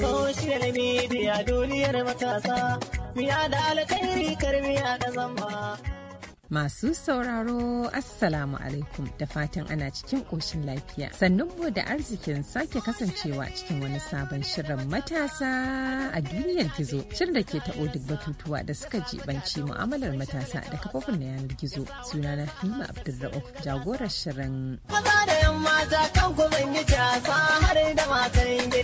Social media duniyar matasa, miya da alkhairi karmiya da zamba. Masu sauraro Assalamu alaikum da fatan ana cikin ƙoshin lafiya. Sannan mu da arzikin sake kasancewa cikin wani sabon shirin matasa a duniyar gizo. Shirin da ke taɓo duk batutuwa da suka jibanci mu'amalar matasa da kafofin na yanar gizo. suna na hima Abdulra'uf jagorar shirin. Maza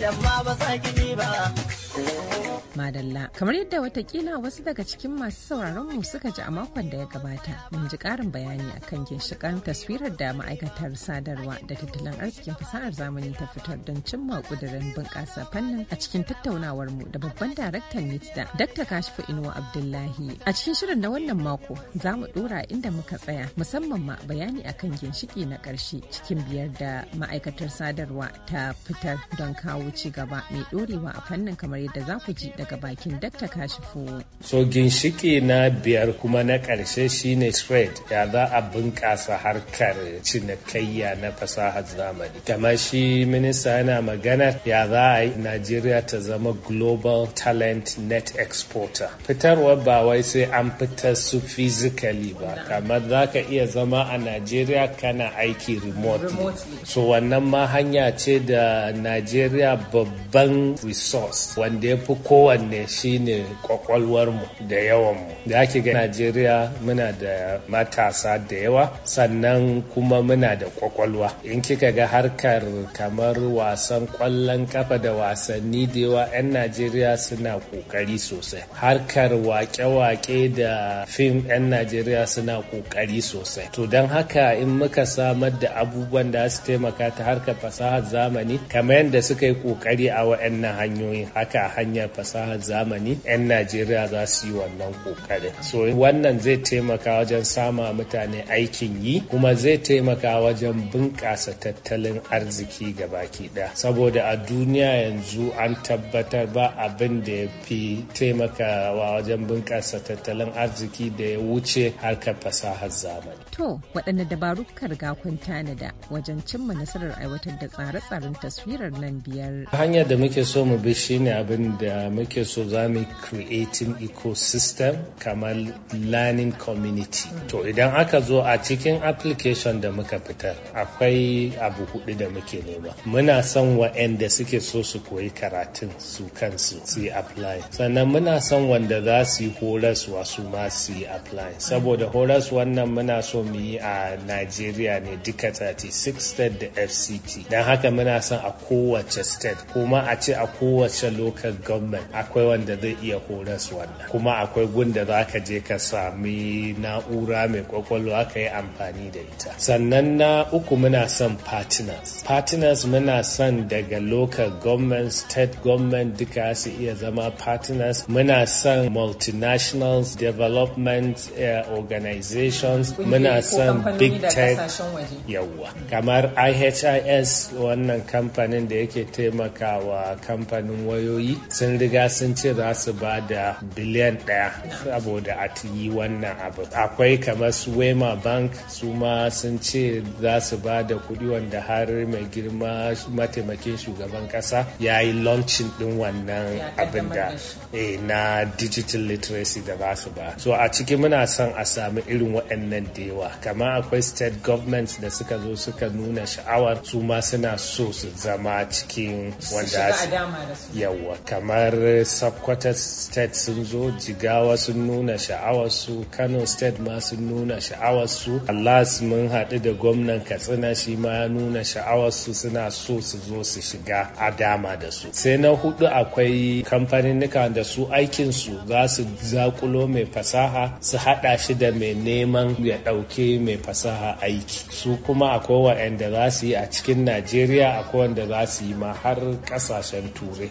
da Madalla. Kamar yadda watakila wasu daga cikin masu sauraron mu suka ji a makon da ya gabata, mun ji ƙarin bayani akan ginshikan taswirar da ma'aikatar sadarwa da tattalin arzikin fasahar zamani ta fitar don cimma kudirin bunƙasa fannin a cikin tattaunawar mu da babban daraktan NITDA, Dr. Kashifu Inuwa Abdullahi. A cikin shirin na wannan mako, za mu dora inda muka tsaya, musamman ma bayani akan ginshiki na ƙarshe cikin biyar da ma'aikatar sadarwa ta fitar don kawo ci gaba mai ɗorewa a fannin kamar da za ku ji daga bakin Dr. Kashifu. So ginshiki na biyar kuma na ƙarshe shine trade ya za a bunƙasa harkar cinikayya na fasahar zamani. Kamar shi minista yana magana ya za a yi Najeriya ta zama global talent net exporter. Fitarwa ba wai sai an fita su physically ba, kamar za ka iya zama a Najeriya kana aiki remotely. So wannan ma hanya ce da Najeriya babban resource da ya fi kowanne shine kwakwalwarmu da yawanmu da ake ga najeriya muna da matasa da yawa sannan kuma muna da kwakwalwa in kika ga harkar kamar wasan kwallon kafa da wasanni da yawa 'yan najeriya suna kokari sosai harkar wake-wake da fim 'yan najeriya suna kokari sosai to don haka in muka samar da abubuwan da su taimaka ta harkar fasahar zamani kamar yadda suka yi kokari a wa'annan hanyoyin haka ta hanyar fasahar zamani 'yan najeriya za su yi wannan kokarin so wannan zai taimaka wajen sama mutane aikin yi kuma zai taimaka wajen bunƙasa tattalin arziki ga baki ɗaya saboda a duniya yanzu an tabbatar ba abin da ya fi taimakawa wajen bunƙasa tattalin arziki da ya wuce harkar fasahar zamani to waɗanne dabaru karga kun tanada wajen cimma nasarar aiwatar da tsare-tsaren taswirar nan biyar hanyar da muke so mu bi shine abin da muke so za mu creating ecosystem kamar learning community to idan aka zo a cikin application da muka fitar akwai abu hudu da muke nema muna son wa'anda suke so su koyi karatun su kansu su yi apply sannan muna son wanda za su yi horaswa su ma su yi apply saboda horas wannan muna so mu yi a nigeria ne duka 36 state da fct don haka muna son a kowace state kuma a ce a kowace lokaci kan gwamnati akwai wanda zai iya horas wannan kuma akwai gunda za ka je ka sami na'ura mai kwakwalwa ka yi amfani da ita sannan na uku muna son partners partners muna son daga local government state government duka su iya zama partners muna son multinationals development organisations, eh, organizations muna son big tech yawa kamar ihis wannan kamfanin da yake taimakawa kamfanin wayoyi yi sun riga sun ce za su ba da biliyan ɗaya saboda a yi wannan abu akwai kamar su wema bank su ma sun ce za su ba da kuɗi wanda har mai girma mataimakin shugaban ƙasa ya yi launching ɗin wannan abin da eh, na digital literacy da ba su ba so a ciki muna son a sami irin waɗannan da yawa kama akwai state governments da suka zo suka nuna sha'awar su ma suna so su zama cikin wanda yawa kamar eh, subquartet state sun zo jigawa sun nuna sha'awarsu kano state ma sun nuna sha'awarsu alas mun haɗu da gwamnan katsina shi ma ya nuna sha'awarsu suna so su zo su shiga a dama da su sai na hudu akwai kamfaninnika da su aikinsu za su zakulo mai fasaha su haɗa shi da mai neman ya ɗauke mai fasaha aiki su kuma akwai waɗanda za su yi a cikin najeriya akwai wanda za su yi ma har ƙasashen turai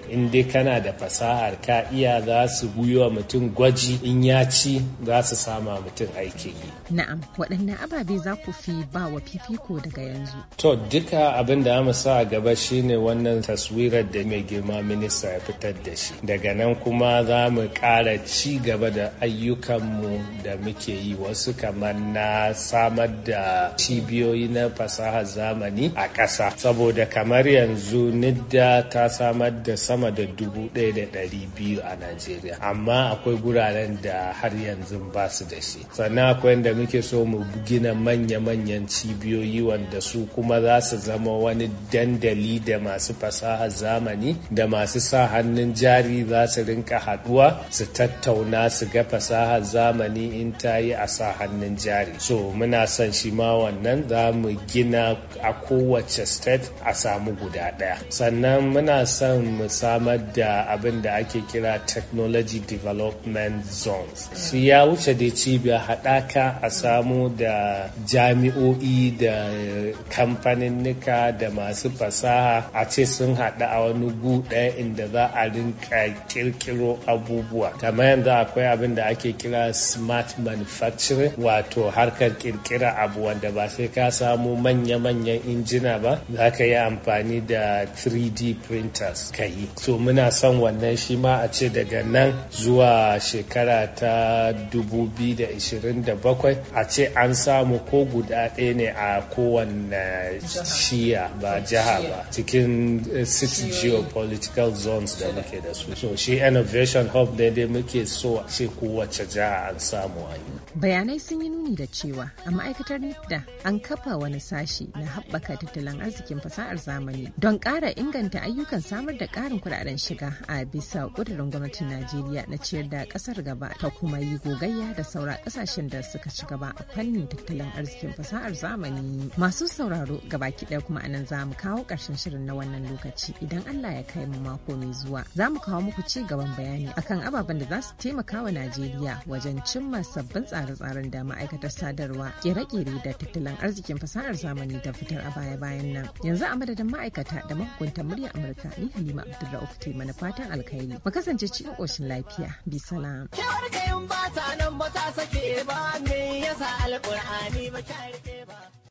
kana da fasahar ka iya za su wa mutum gwaji in ya ci za su sama mutum aikin yi. Na'am, waɗanne ababe za ku fi ba wa fifiko daga yanzu? To, duka abin da mu sa a gaba shine wannan taswirar da mai girma minista ya fitar da shi. Daga nan kuma za mu ƙara ci gaba da ayyukanmu da muke yi wasu kamar na samar da cibiyoyi na fasahar zamani a ƙasa. Saboda kamar yanzu Nidda ta samar da sama da dubu ɗaya da ɗari biyu a Najeriya. Amma akwai guraren da har yanzu ba su da shi. Sannan akwai yadda muke so mu gina manya-manyan cibiyoyi wanda su kuma za su zama wani dandali da masu fasaha zamani da masu sa hannun jari za su rinka haɗuwa su tattauna su ga fasahar zamani in ta yi a sa hannun jari. So muna son shi ma wannan za mu gina a kowace state a samu guda ɗaya. Sannan muna son mu samar da da abin da ake kira technology development zones su ya wuce dai cibiyar haɗaka a samu da jami'o'i da kamfaninnika da masu fasaha a ce sun haɗu a wani gu ɗaya inda za a rinka kirkiro abubuwa kamar yanzu akwai abin da ake kira smart manufacturing wato harkar kirkira abu wanda ba sai ka samu manya-manyan injina ba za ka yi amfani da 3d printers ka yi muna son wannan shi ma a ce daga nan zuwa shekara ta 2027 a ce an samu ko guda ɗaya ne a kowane shiya ba jiha ba cikin eh, six geopolitical zones da muke da su so shi innovation hub ne dai muke so a ce kowace jiha an samu a bayanai sun yi nuni da cewa a ma'aikatar nidda an kafa wani sashi na haɓaka tattalin arzikin fasahar zamani don ƙara inganta ayyukan samar da ƙarin kuɗaɗen shiga a bisa kudurin gwamnatin najeriya na ciyar da ƙasar gaba ta kuma yi gogayya da saura ƙasashen da suka ci gaba a fannin tattalin arzikin fasahar zamani masu sauraro gabaki ɗaya kuma anan za mu kawo ƙarshen shirin na wannan lokaci idan allah ya kai mu mako mai zuwa za mu kawo muku ci gaban bayani akan ababen da za su taimaka wa najeriya wajen cimma sabbin tsare-tsaren da ma'aikatar sadarwa kere-kere da tattalin arzikin fasahar zamani da fitar a baya-bayan nan yanzu a madadin ma'aikata da mahukuntan muryar amurka ni halima Abdullahi mana fatan alkhairi mu kasance cikin koshin lafiya bi salam nan ba ta sake ba me yasa alƙur'ani ba ta rike ba